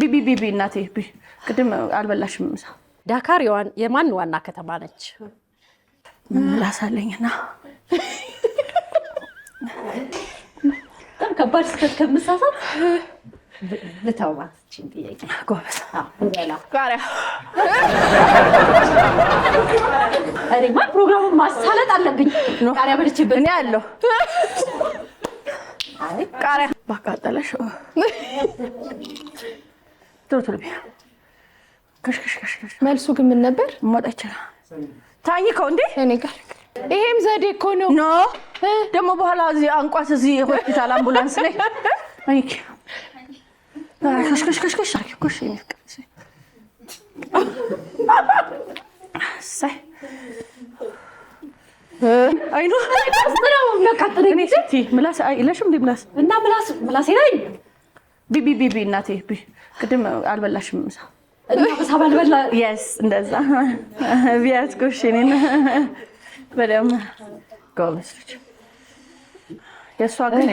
ቢቢቢቢ እናቴ ቢ ቅድም አልበላሽም ምሳ። ዳካር የማን ዋና ከተማ ነች? ምላሳለኝና በጣም ከባድ እስከምሳሳት ልታውባትችን ጥያቄ ጎበዝ ፕሮግራሙን ማሳለጥ አለብኝ። ቃሪያ በልቼበት እኔ አለሁ ቃሪያ ባቃጠለሽ ቶሎ ቶሎ መልሱ ግን ምን ነበር? መጣ ይችላል ታይከው እንዴ እኔ ጋር ይሄም ዘዴ እኮ ነው። ኖ ደግሞ በኋላ እዚህ አንቋስ እዚህ ሆስፒታል አምቡላንስ ላይ ምላስ ቢቢ ቢቢ እናቴ ቢ ቅድም አልበላሽም ምሳ ምሳ ባልበላ የስ እንደዛ ቢያስኩሽ እኔን በደምብ ጎበዝ የእሷ ግን